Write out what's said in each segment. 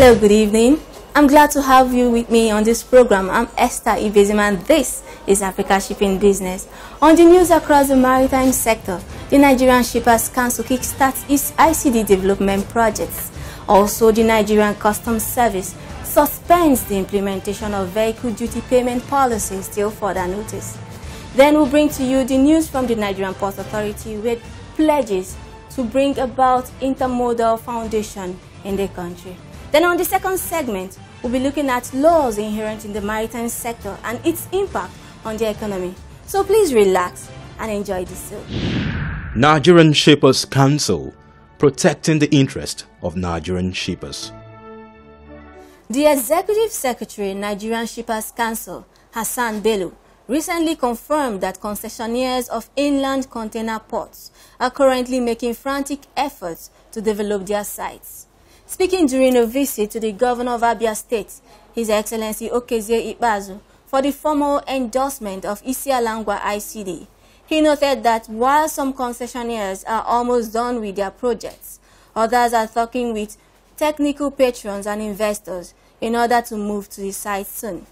Hello, good evening. I'm glad to have you with me on this program. I'm Esther Ibezim this is Africa Shipping Business. On the news across the maritime sector, the Nigerian Shippers Council kickstarts its ICD development projects. Also, the Nigerian Customs Service suspends the implementation of vehicle duty payment policies till further notice. Then we'll bring to you the news from the Nigerian Port Authority with pledges to bring about intermodal foundation in the country. Then on the second segment, we'll be looking at laws inherent in the maritime sector and its impact on the economy. So please relax and enjoy this show. Nigerian Shippers Council protecting the interest of Nigerian shippers. The Executive Secretary, Nigerian Shippers Council, Hassan Bello, recently confirmed that concessionaires of inland container ports are currently making frantic efforts to develop their sites. Speaking during a visit to the governor of Abia State, His Excellency Okezie Ibazu, for the formal endorsement of Isialangwa ICD, he noted that while some concessionaires are almost done with their projects, others are talking with technical patrons and investors in order to move to the site soon.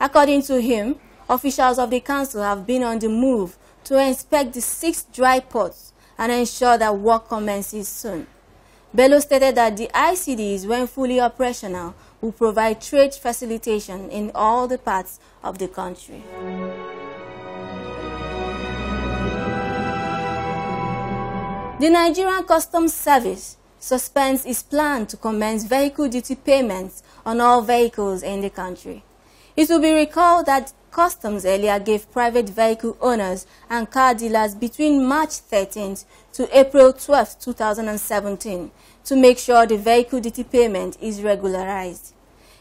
According to him, officials of the council have been on the move to inspect the six dry ports and ensure that work commences soon. Bello stated that the ICDs, when fully operational, will provide trade facilitation in all the parts of the country. The Nigerian Customs Service suspends its plan to commence vehicle duty payments on all vehicles in the country. It will be recalled that Customs earlier gave private vehicle owners and car dealers between March 13th to April 12, 2017 to make sure the vehicle duty payment is regularized.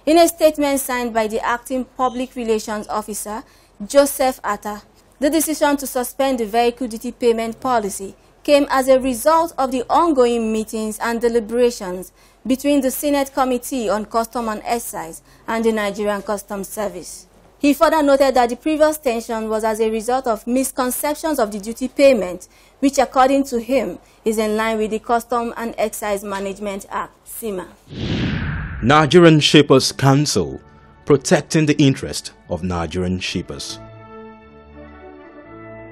In a statement signed by the acting public relations officer, Joseph Atta, the decision to suspend the vehicle duty payment policy came as a result of the ongoing meetings and deliberations between the Senate Committee on Custom and Excise and the Nigerian Customs Service. He further noted that the previous tension was as a result of misconceptions of the duty payment, which according to him is in line with the Custom and Excise Management Act, CIMA. Nigerian Shippers Council, protecting the interest of Nigerian shippers.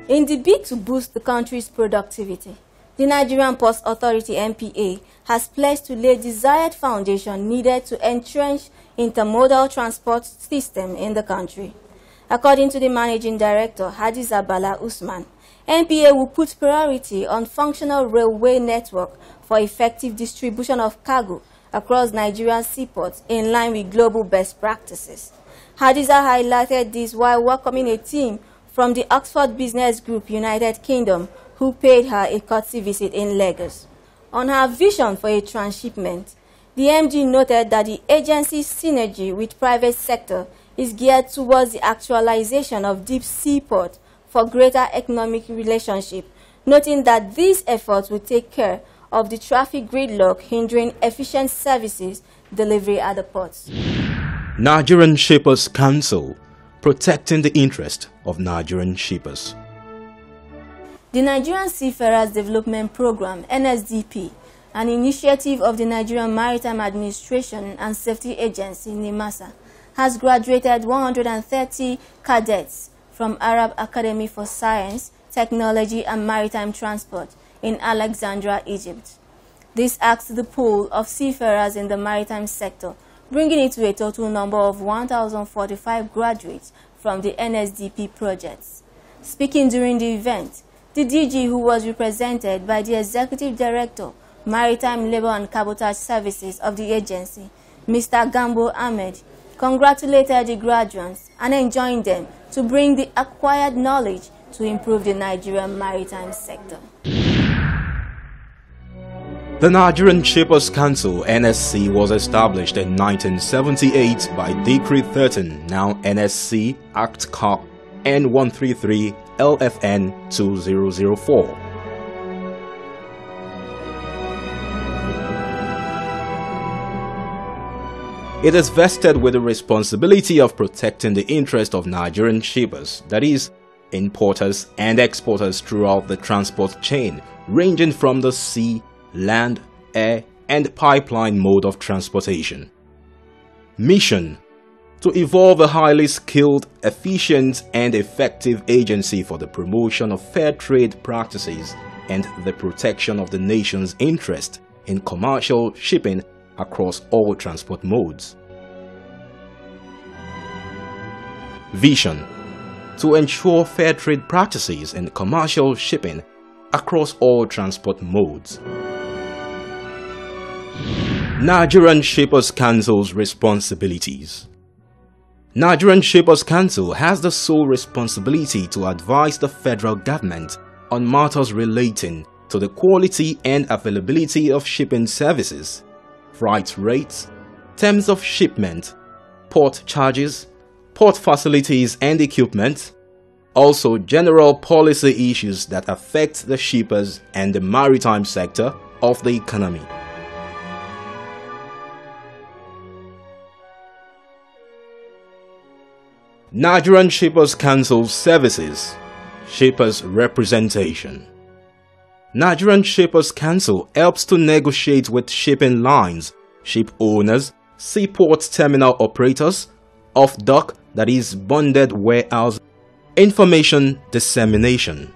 In the bid to boost the country's productivity, the Nigerian Post Authority NPA has pledged to lay desired foundation needed to entrench intermodal transport system in the country. According to the managing director, Hadiz Zabala Usman, NPA will put priority on functional railway network for effective distribution of cargo across Nigerian seaports in line with global best practices. Hadiza highlighted this while welcoming a team from the Oxford Business Group United Kingdom who paid her a courtesy visit in Lagos. On her vision for a transshipment, the MD noted that the agency's synergy with private sector is geared towards the actualization of deep seaport for greater economic relationship, noting that these efforts will take care of the traffic gridlock hindering efficient services delivery at the ports. Nigerian Shippers Council, protecting the interest of Nigerian shippers. The Nigerian Seafarers Development Program, NSDP, an initiative of the Nigerian Maritime Administration and Safety Agency, NIMASA, has graduated 130 cadets from Arab Academy for Science, Technology and Maritime Transport in Alexandria, Egypt. This acts the pool of seafarers in the maritime sector, bringing it to a total number of 1,045 graduates from the NSDP projects. Speaking during the event, the DG, who was represented by the Executive Director Maritime Labour and Cabotage Services of the agency, Mr. Gambo Ahmed, congratulated the graduates and enjoined them to bring the acquired knowledge to improve the Nigerian maritime sector. The Nigerian Shippers Council NSC was established in 1978 by Decree 13, now NSC Act Cop N133 LFN 2004. It is vested with the responsibility of protecting the interest of Nigerian shippers, that is, importers and exporters throughout the transport chain, ranging from the sea, land, air, and pipeline mode of transportation. Mission to evolve a highly skilled, efficient, and effective agency for the promotion of fair trade practices and the protection of the nation's interest in commercial shipping across all transport modes. Vision to ensure fair trade practices in commercial shipping across all transport modes. Nigerian Shippers Council's responsibilities Nigerian Shippers Council has the sole responsibility to advise the federal government on matters relating to the quality and availability of shipping services freight rates, terms of shipment, port charges, port facilities and equipment, also general policy issues that affect the shippers and the maritime sector of the economy. Nigerian Shippers Council Services Shippers Representation Nigerian Shippers Council helps to negotiate with shipping lines, ship owners, seaport terminal operators, off-dock that is bonded warehouse, information dissemination.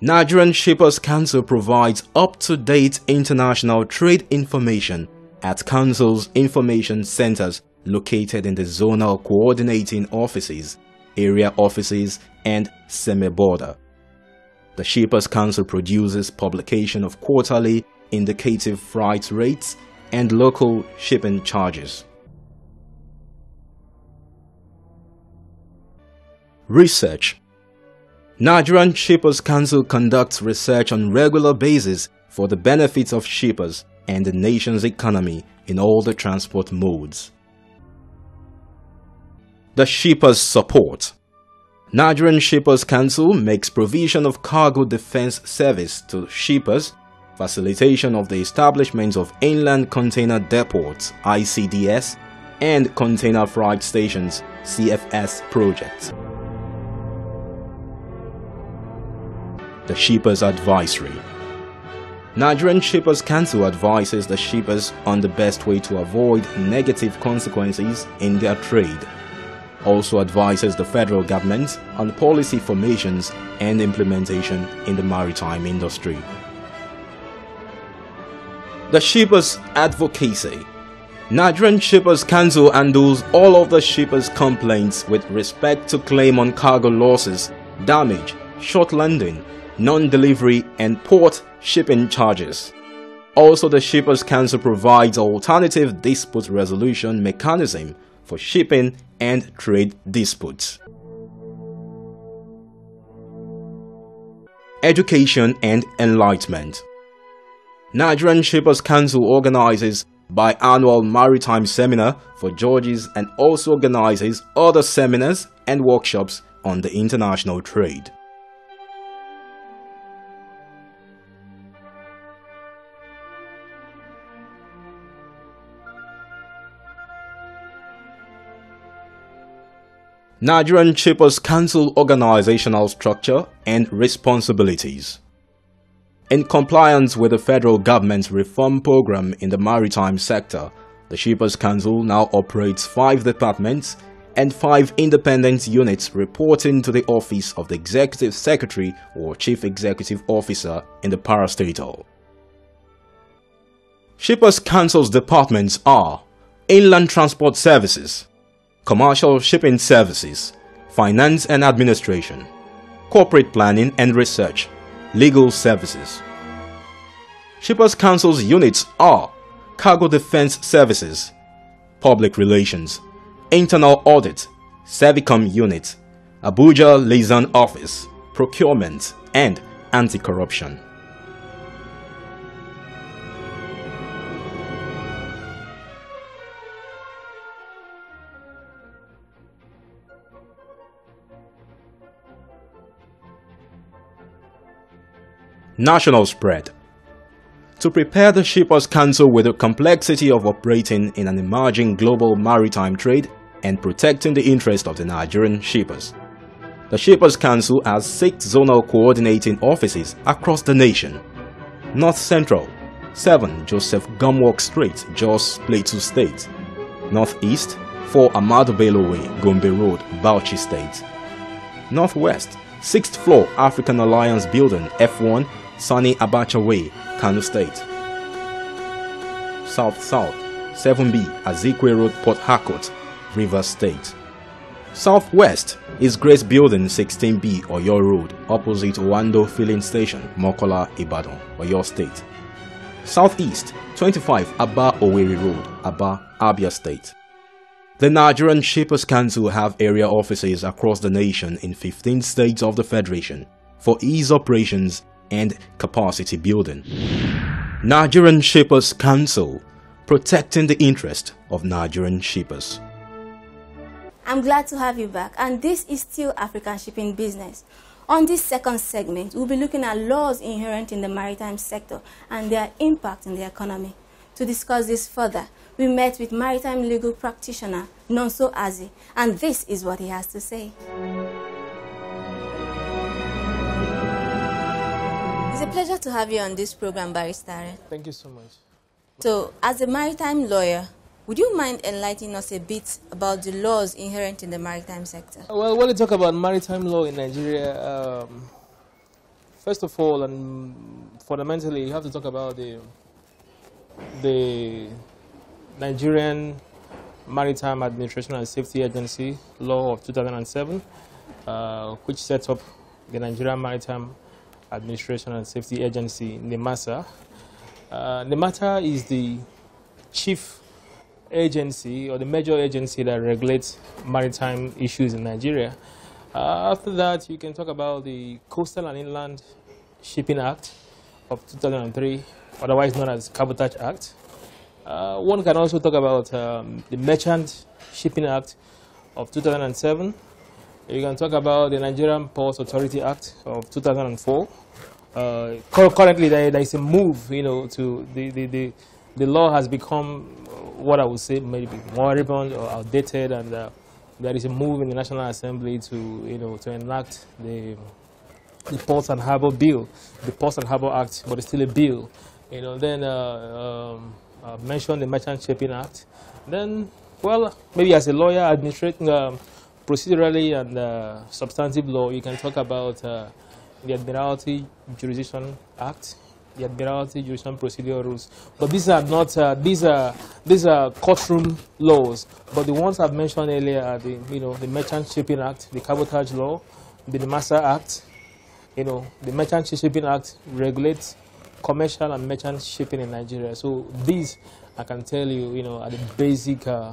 Nigerian Shippers Council provides up-to-date international trade information at Council's information centers located in the zonal coordinating offices, area offices and semi-border. The Shippers Council produces publication of quarterly indicative freight rates and local shipping charges. Research Nigerian Shippers Council conducts research on regular basis for the benefits of shippers and the nation's economy in all the transport modes. The Shippers Support Nigerian Shippers Council makes provision of cargo defense service to shippers, facilitation of the establishment of inland container depots ICDS and container freight stations CFS projects. The Shippers Advisory Nigerian Shippers Council advises the shippers on the best way to avoid negative consequences in their trade also advises the federal government on policy formations and implementation in the maritime industry. The Shippers Advocacy Nigerian Shippers Council handles all of the shippers' complaints with respect to claim on cargo losses, damage, short landing, non-delivery and port shipping charges. Also, the Shippers Council provides alternative dispute resolution mechanism for shipping and trade disputes. Education and Enlightenment Nigerian Shippers Council organizes biannual maritime seminar for Georges and also organizes other seminars and workshops on the international trade. Nigerian Shippers Council organizational structure and responsibilities. In compliance with the federal government's reform program in the maritime sector, the Shippers Council now operates five departments and five independent units reporting to the office of the Executive Secretary or Chief Executive Officer in the parastatal. Shippers Council's departments are Inland Transport Services commercial shipping services, finance and administration, corporate planning and research, legal services. Shippers Council's units are cargo defense services, public relations, internal audit, Servicom unit, Abuja liaison office, procurement, and anti-corruption. National spread. To prepare the Shippers Council with the complexity of operating in an emerging global maritime trade and protecting the interests of the Nigerian shippers. The Shippers Council has six zonal coordinating offices across the nation. North Central, 7 Joseph Gumwalk Street, Jos Plateau State. Northeast, 4 Ahmad Bello Way, Gombe Road, Bauchi State. Northwest, 6th floor African Alliance Building, F1, Sunny Abacha Way, Kano State. South South, 7B, Azikwe Road, Port Harcourt, Rivers State. Southwest is Grace Building 16B, Oyo Road, opposite Wando Filling Station, Mokola, Ibadan, Oyo State. Southeast, 25 Aba Oweri Road, Aba, Abia State. The Nigerian Shippers Council have area offices across the nation in 15 states of the Federation. For ease operations, and capacity building. Nigerian Shippers Council protecting the interest of Nigerian shippers. I'm glad to have you back and this is still African shipping business. On this second segment, we'll be looking at laws inherent in the maritime sector and their impact on the economy. To discuss this further, we met with maritime legal practitioner Nonso Azi, and this is what he has to say. It's a pleasure to have you on this program, Barrister. Thank you so much. So, as a maritime lawyer, would you mind enlightening us a bit about the laws inherent in the maritime sector? Well, when we talk about maritime law in Nigeria, um, first of all and fundamentally, you have to talk about the the Nigerian Maritime Administration and Safety Agency Law of 2007, uh, which sets up the Nigerian Maritime Administration and Safety Agency, NEMASA. Uh, is the chief agency or the major agency that regulates maritime issues in Nigeria. Uh, after that, you can talk about the Coastal and Inland Shipping Act of 2003, otherwise known as Cabotage Act. Uh, one can also talk about um, the Merchant Shipping Act of 2007 you can talk about the Nigerian Ports Authority Act of 2004. Uh, currently, there, there is a move, you know, to the, the, the, the, law has become what I would say maybe moribund or outdated, and uh, there is a move in the National Assembly to, you know, to enact the, the Ports and Harbour Bill, the Ports and Harbour Act, but it's still a bill. You know, then uh, um, I mentioned the Merchant Shipping Act. Then, well, maybe as a lawyer, administrating. Um, procedurally and uh, substantive law, you can talk about uh, the Admiralty Jurisdiction Act, the Admiralty Jurisdiction Procedural Rules. But these are not uh, these are these are courtroom laws. But the ones I've mentioned earlier are the you know the Merchant Shipping Act, the Cabotage Law, the Master Act. You know the Merchant Shipping Act regulates commercial and merchant shipping in Nigeria. So these I can tell you you know are the basic. Uh,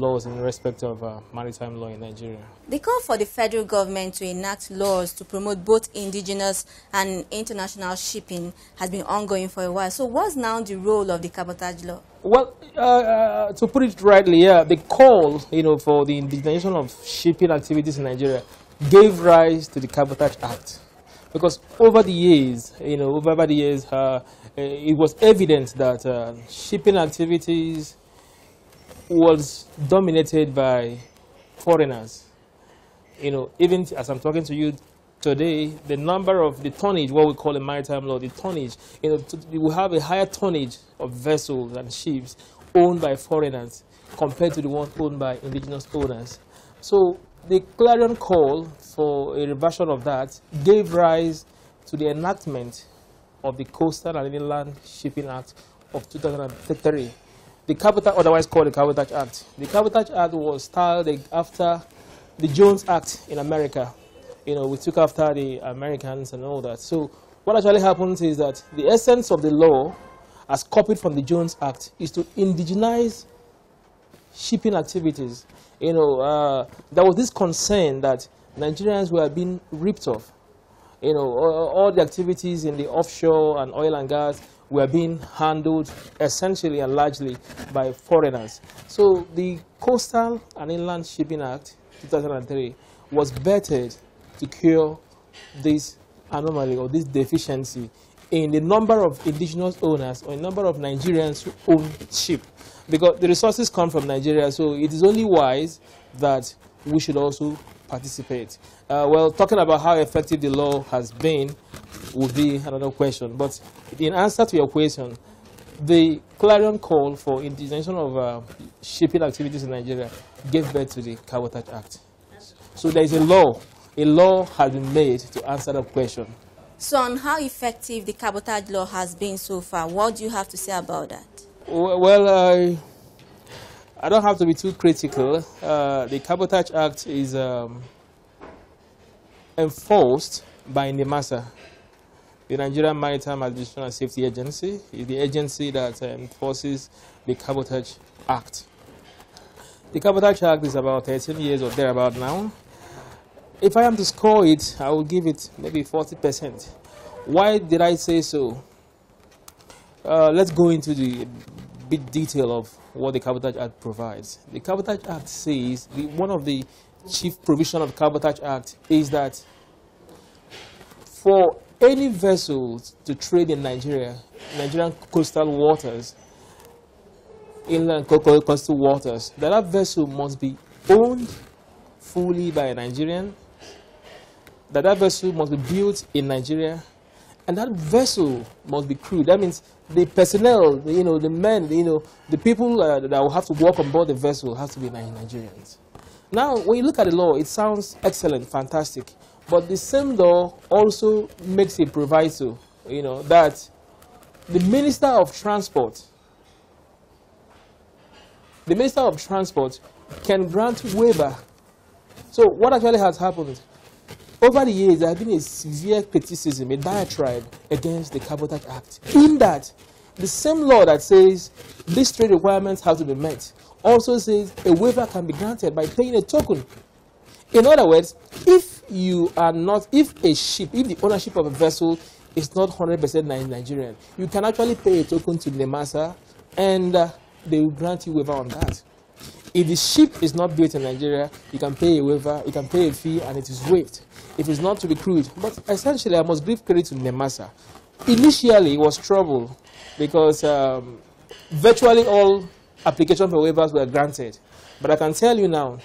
laws in respect of uh, maritime law in Nigeria. They call for the federal government to enact laws to promote both indigenous and international shipping has been ongoing for a while. So what's now the role of the cabotage law? Well, uh, uh, to put it rightly, yeah, the call you know, for the indigenization of shipping activities in Nigeria gave rise to the Cabotage Act. Because over the years, you know, over the years, uh, it was evident that uh, shipping activities was dominated by foreigners. You know, even as I'm talking to you today, the number of the tonnage, what we call a maritime law, the tonnage, you know, we have a higher tonnage of vessels and ships owned by foreigners compared to the ones owned by indigenous owners. So the clarion call for a reversion of that gave rise to the enactment of the Coastal and Inland Shipping Act of 2003 the Capital, otherwise called the Cabotage Act. The Cabotage Act was styled after the Jones Act in America. You know, we took after the Americans and all that. So what actually happens is that the essence of the law, as copied from the Jones Act, is to indigenize shipping activities. You know, uh, there was this concern that Nigerians were being ripped off. You know, all, all the activities in the offshore and oil and gas, were being handled essentially and largely by foreigners. So the Coastal and Inland Shipping Act 2003 was bettered to cure this anomaly or this deficiency in the number of indigenous owners or number of Nigerians who own ship, Because the resources come from Nigeria, so it is only wise that we should also participate. Uh, well, talking about how effective the law has been, would be another question. But in answer to your question, the clarion call for indigenization of uh, shipping activities in Nigeria gave birth to the Cabotage Act. So there is a law. A law has been made to answer that question. So on how effective the cabotage law has been so far, what do you have to say about that? Well, I, I don't have to be too critical. Uh, the Cabotage Act is um, enforced by NEMASA, the Nigerian Maritime Administration and Safety Agency is the agency that enforces um, the Cabotage Act. The Cabotage Act is about 13 years or thereabout now. If I am to score it, I will give it maybe 40%. Why did I say so? Uh, let's go into the big detail of what the Cabotage Act provides. The Cabotage Act says the, one of the chief provision of the Cabotage Act is that for any vessels to trade in Nigeria, Nigerian coastal waters, inland coastal waters, that, that vessel must be owned fully by a Nigerian, that that vessel must be built in Nigeria, and that vessel must be crewed. That means the personnel, the, you know, the men, the, you know, the people uh, that will have to work on board the vessel have to be Nigerians. Now, when you look at the law, it sounds excellent, fantastic. But the same law also makes a proviso, you know, that the Minister of Transport, the Minister of Transport can grant waiver. So what actually has happened? Over the years, there has been a severe criticism, a diatribe against the Cabotage Act, in that the same law that says these three requirements have to be met also says a waiver can be granted by paying a token in other words, if you are not, if a ship, if the ownership of a vessel is not 100% Nigerian, you can actually pay a token to NEMASA and uh, they will grant you waiver on that. If the ship is not built in Nigeria, you can pay a waiver, you can pay a fee, and it is waived. If it's not to be crude, but essentially, I must give credit to Nemasa. Initially, it was trouble because um, virtually all applications for waivers were granted. But I can tell you now,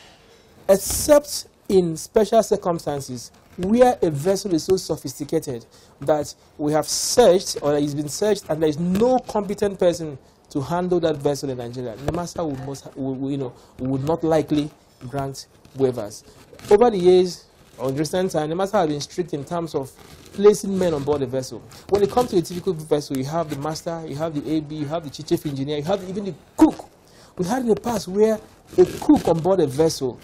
except in special circumstances where a vessel is so sophisticated that we have searched or it's been searched and there is no competent person to handle that vessel in Nigeria. The master would, most, would, you know, would not likely grant waivers. Over the years, on recent time, the master has been strict in terms of placing men on board the vessel. When it comes to a typical vessel, you have the master, you have the AB, you have the chief engineer, you have even the cook. We had in the past where a cook on board a vessel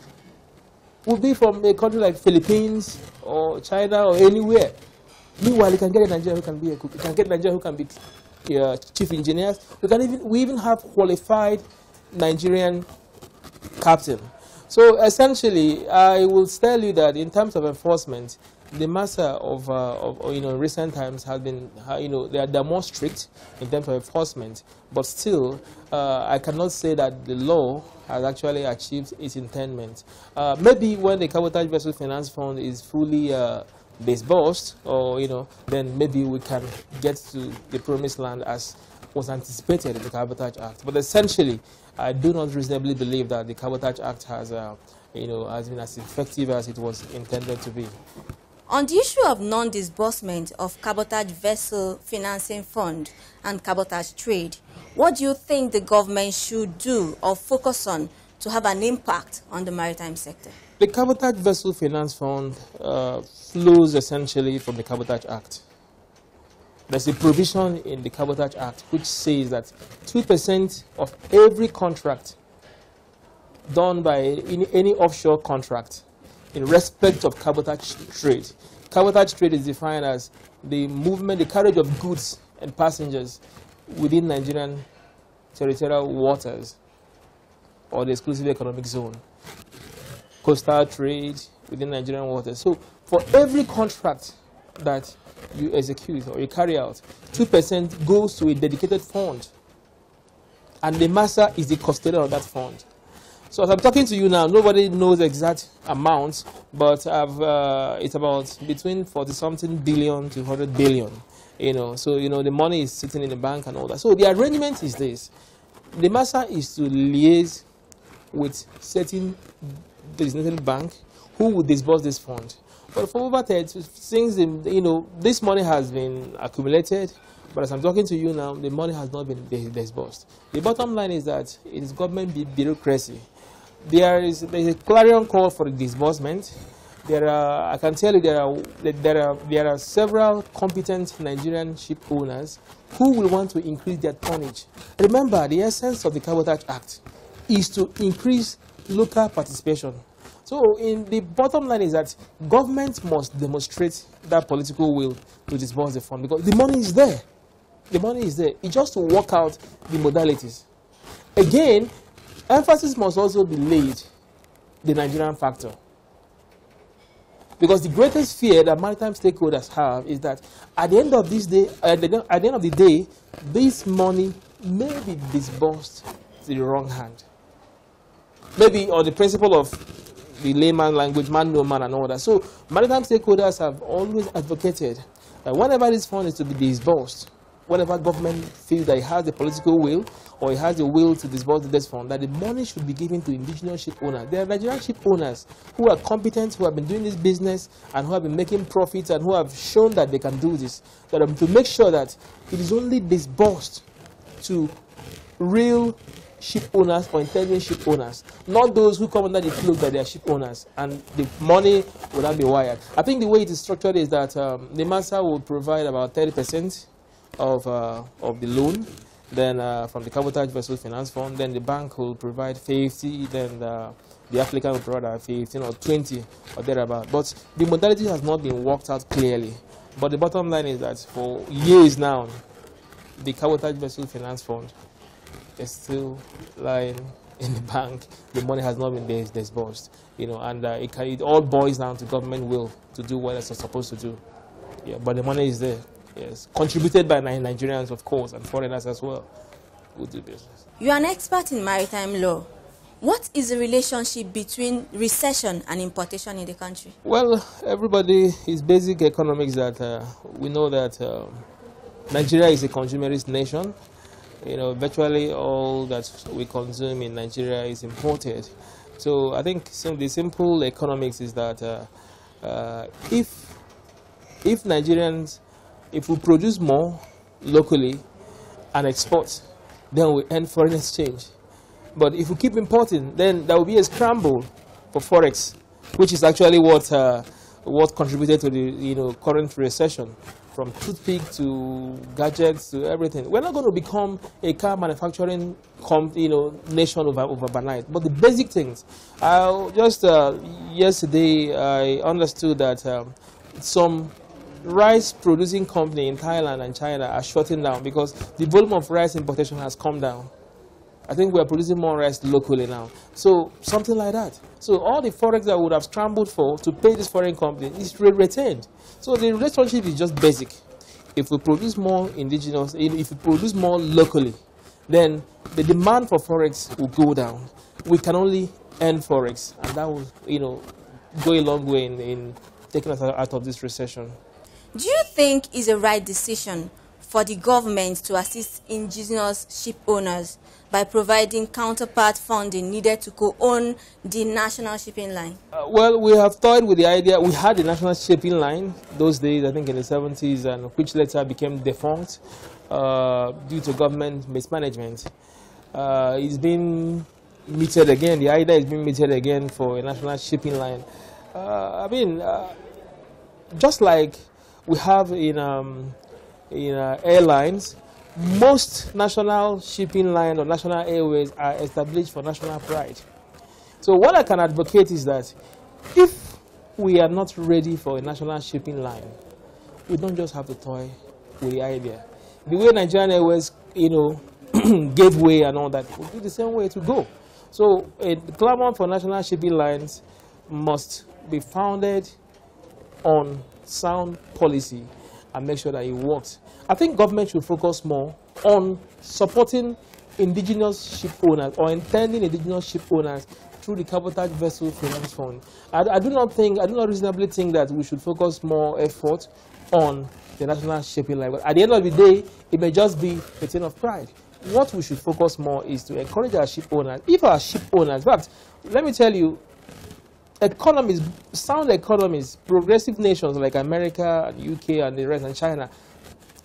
will be from a country like Philippines or China or anywhere. Meanwhile, you can get a Nigerian who can be a cook. You can get Nigerian who can be uh, chief engineers. We can even we even have qualified Nigerian captain. So essentially, I will tell you that in terms of enforcement, the massa of, uh, of, you know recent times have been you know they are, they are, more strict in terms of enforcement but still uh, I cannot say that the law has actually achieved its intent uh, maybe when the cabotage versus finance fund is fully uh, disbursed or you know then maybe we can get to the promised land as was anticipated in the cabotage act but essentially I do not reasonably believe that the cabotage act has uh, you know has been as effective as it was intended to be on the issue of non-disbursement of cabotage vessel financing fund and cabotage trade, what do you think the government should do or focus on to have an impact on the maritime sector? The Cabotage Vessel Finance Fund uh, flows essentially from the Cabotage Act. There's a provision in the Cabotage Act which says that 2% of every contract done by any offshore contract in respect of cabotage trade. Cabotage trade is defined as the movement, the carriage of goods and passengers within Nigerian territorial waters or the exclusive economic zone, coastal trade within Nigerian waters. So for every contract that you execute or you carry out, 2% goes to a dedicated fund and the master is the custodian of that fund. So as I'm talking to you now, nobody knows the exact amount, but uh, it's about between 40 something billion to 100 billion. You know, so you know the money is sitting in the bank and all that. So the arrangement is this: the master is to liaise with certain designated bank who would disburse this fund. But for over 30, since you know this money has been accumulated, but as I'm talking to you now, the money has not been disbursed. The bottom line is that it is government bureaucracy there is a clarion call for disbursement. There are, I can tell you there are, there are, there are several competent Nigerian ship owners who will want to increase their tonnage. Remember, the essence of the Cabotage Act is to increase local participation. So in the bottom line is that government must demonstrate that political will to disburse the fund because the money is there. The money is there. It just to work out the modalities. Again, emphasis must also be laid the Nigerian factor. Because the greatest fear that maritime stakeholders have is that at the end of this day, uh, at the, at the end of the day, this money may be disbursed to the wrong hand. Maybe on the principle of the layman language, man no man and all that. So maritime stakeholders have always advocated that whenever this fund is to be disbursed, whenever government feels that it has the political will or it has the will to disburse the debt fund, that the money should be given to indigenous ship owners. There are Nigerian ship owners who are competent, who have been doing this business and who have been making profits and who have shown that they can do this. That um, to make sure that it is only disbursed to real ship owners or intelligent ship owners, not those who come under the cloak that they are ship owners, and the money will not be wired. I think the way it is structured is that um, the master will provide about 30 percent of, uh, of the loan, then uh, from the Cabotage Vessel Finance Fund, then the bank will provide 50, then uh, the, the applicant will provide 15 or 20 or thereabout. But the modality has not been worked out clearly. But the bottom line is that for years now, the Cabotage Vessel Finance Fund is still lying in the bank. The money has not been dis disbursed, you know, and uh, it, can, it all boils down to government will to do what it's supposed to do. Yeah, but the money is there. Yes, contributed by Nigerians, of course, and foreigners as well who do business. You are an expert in maritime law. What is the relationship between recession and importation in the country? Well, everybody, it's basic economics that uh, we know that uh, Nigeria is a consumerist nation. You know, virtually all that we consume in Nigeria is imported. So I think some, the simple economics is that uh, uh, if, if Nigerians if we produce more locally and export, then we earn foreign exchange. But if we keep importing, then there will be a scramble for forex, which is actually what uh, what contributed to the you know current recession, from toothpick to gadgets to everything. We're not going to become a car manufacturing you know nation over, overnight, but the basic things. I just uh, yesterday I understood that um, some rice producing company in Thailand and China are shutting down because the volume of rice importation has come down. I think we are producing more rice locally now. So something like that. So all the forex that would have scrambled for to pay this foreign company is re retained. So the relationship is just basic. If we produce more indigenous, if we produce more locally, then the demand for forex will go down. We can only end forex, and that will, you know, go a long way in, in taking us out of this recession. Do you think it is a right decision for the government to assist indigenous ship owners by providing counterpart funding needed to co-own the national shipping line? Uh, well, we have toyed with the idea. We had the national shipping line those days, I think in the 70s, and which later became defunct uh, due to government mismanagement. Uh, it's been meted again. The idea is being meted again for a national shipping line. Uh, I mean, uh, just like we have in, um, in uh, airlines, most national shipping lines or national airways are established for national pride. So what I can advocate is that if we are not ready for a national shipping line, we don't just have to toy with the idea. The way Nigerian Airways, you know, gave way and all that, would be the same way to go. So a clamor for national shipping lines must be founded on sound policy and make sure that it works. I think government should focus more on supporting indigenous ship owners or intending indigenous ship owners through the Cabotage Vessel Finance Fund. I, I, do not think, I do not reasonably think that we should focus more effort on the national shipping level. At the end of the day, it may just be a thing of pride. What we should focus more is to encourage our ship owners. If our ship owners, but let me tell you, economies, sound economies, progressive nations like America and UK and the rest and China,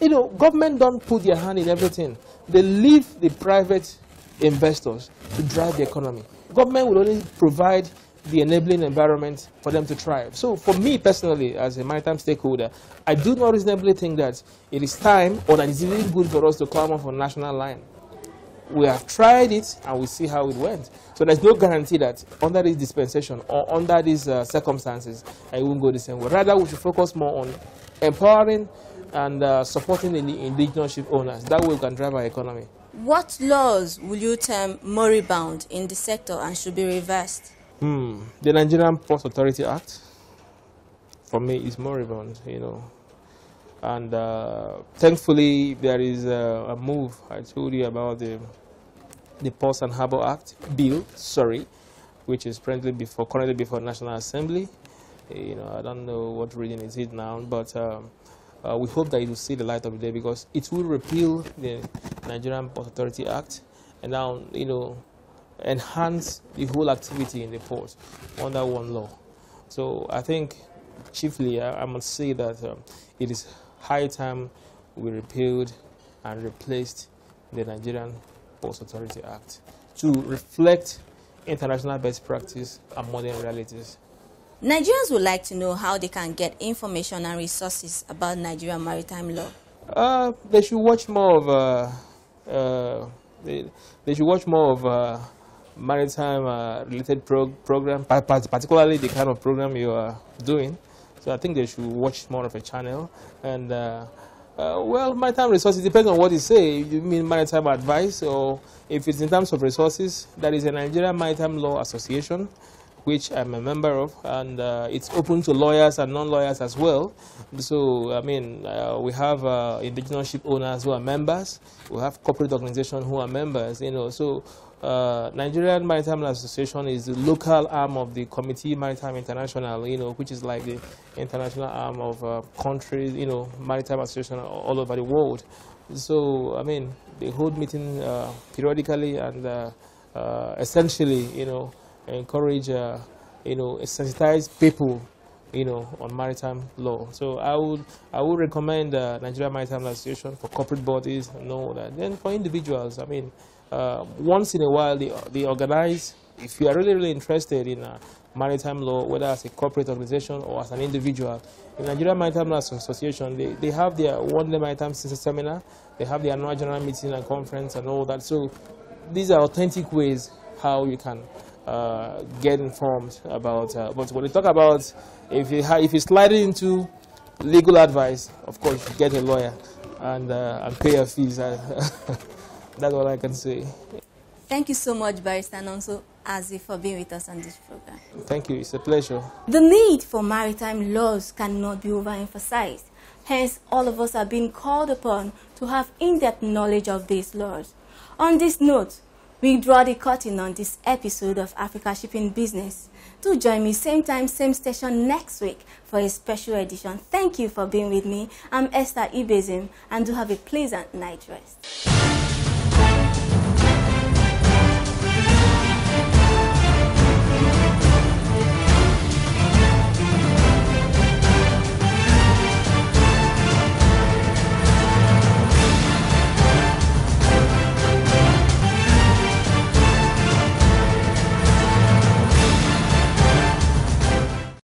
you know, government don't put their hand in everything. They leave the private investors to drive the economy. Government will only provide the enabling environment for them to thrive. So for me personally, as a maritime stakeholder, I do not reasonably think that it is time or that it's even good for us to climb up on national line we have tried it and we see how it went. So there's no guarantee that under this dispensation or under these uh, circumstances, it won't go the same way. Rather, we should focus more on empowering and uh, supporting the indigenous ship owners. That way we can drive our economy. What laws will you term moribund in the sector and should be reversed? Hmm. The Nigerian Post Authority Act, for me, is moribund, you know. And uh, thankfully, there is a, a, move I told you about the the Ports and Harbour Act bill, sorry, which is currently before currently before National Assembly. Eh, you know, I don't know what region it is now, but um, uh, we hope that it will see the light of the day because it will repeal the Nigerian Port Authority Act and now you know enhance the whole activity in the port under one law. So I think chiefly I, I must say that um, it is high time we repealed and replaced the Nigerian Post Authority Act to reflect international best practice and modern realities. Nigerians would like to know how they can get information and resources about Nigerian maritime law. Uh, they should watch more of. Uh, uh, they, they, should watch more of uh, maritime uh, related pro program, particularly the kind of program you are doing. So I think they should watch more of a channel. And uh, uh, well, maritime resources depends on what you say. You mean maritime advice, or if it's in terms of resources, that is a Nigerian Maritime Law Association, which I'm a member of, and uh, it's open to lawyers and non-lawyers as well. So I mean, uh, we have uh, indigenous ship owners who are members. We have corporate organizations who are members. You know, so uh, Nigerian Maritime Association is the local arm of the Committee Maritime International, you know, which is like the international arm of uh, countries, you know, maritime association all over the world. So, I mean, they hold meetings uh, periodically and uh, uh, essentially, you know, encourage, uh, you know, sensitize people, you know, on maritime law. So I would, I would recommend uh, Nigeria Maritime Association for corporate bodies and all that. Then for individuals, I mean, uh, once in a while they, they organize, if you are really, really interested in uh, maritime law, whether as a corporate organization or as an individual, the Nigerian Maritime Law Association, they, they have their one-day maritime seminar, they have their annual general meeting and conference and all that. So these are authentic ways how you can uh, get informed about. Uh, but when you talk about if you if you slide into legal advice, of course you get a lawyer and uh, and pay your fees. Uh, That's all I can say. Thank you so much, Barrister Nonso Azi, for being with us on this program. Thank you. It's a pleasure. The need for maritime laws cannot be overemphasized. Hence, all of us are being called upon to have in-depth knowledge of these laws. On this note, we draw the curtain on this episode of Africa Shipping Business. Do join me same time, same station next week for a special edition. Thank you for being with me. I'm Esther Ibezim and do have a pleasant night rest.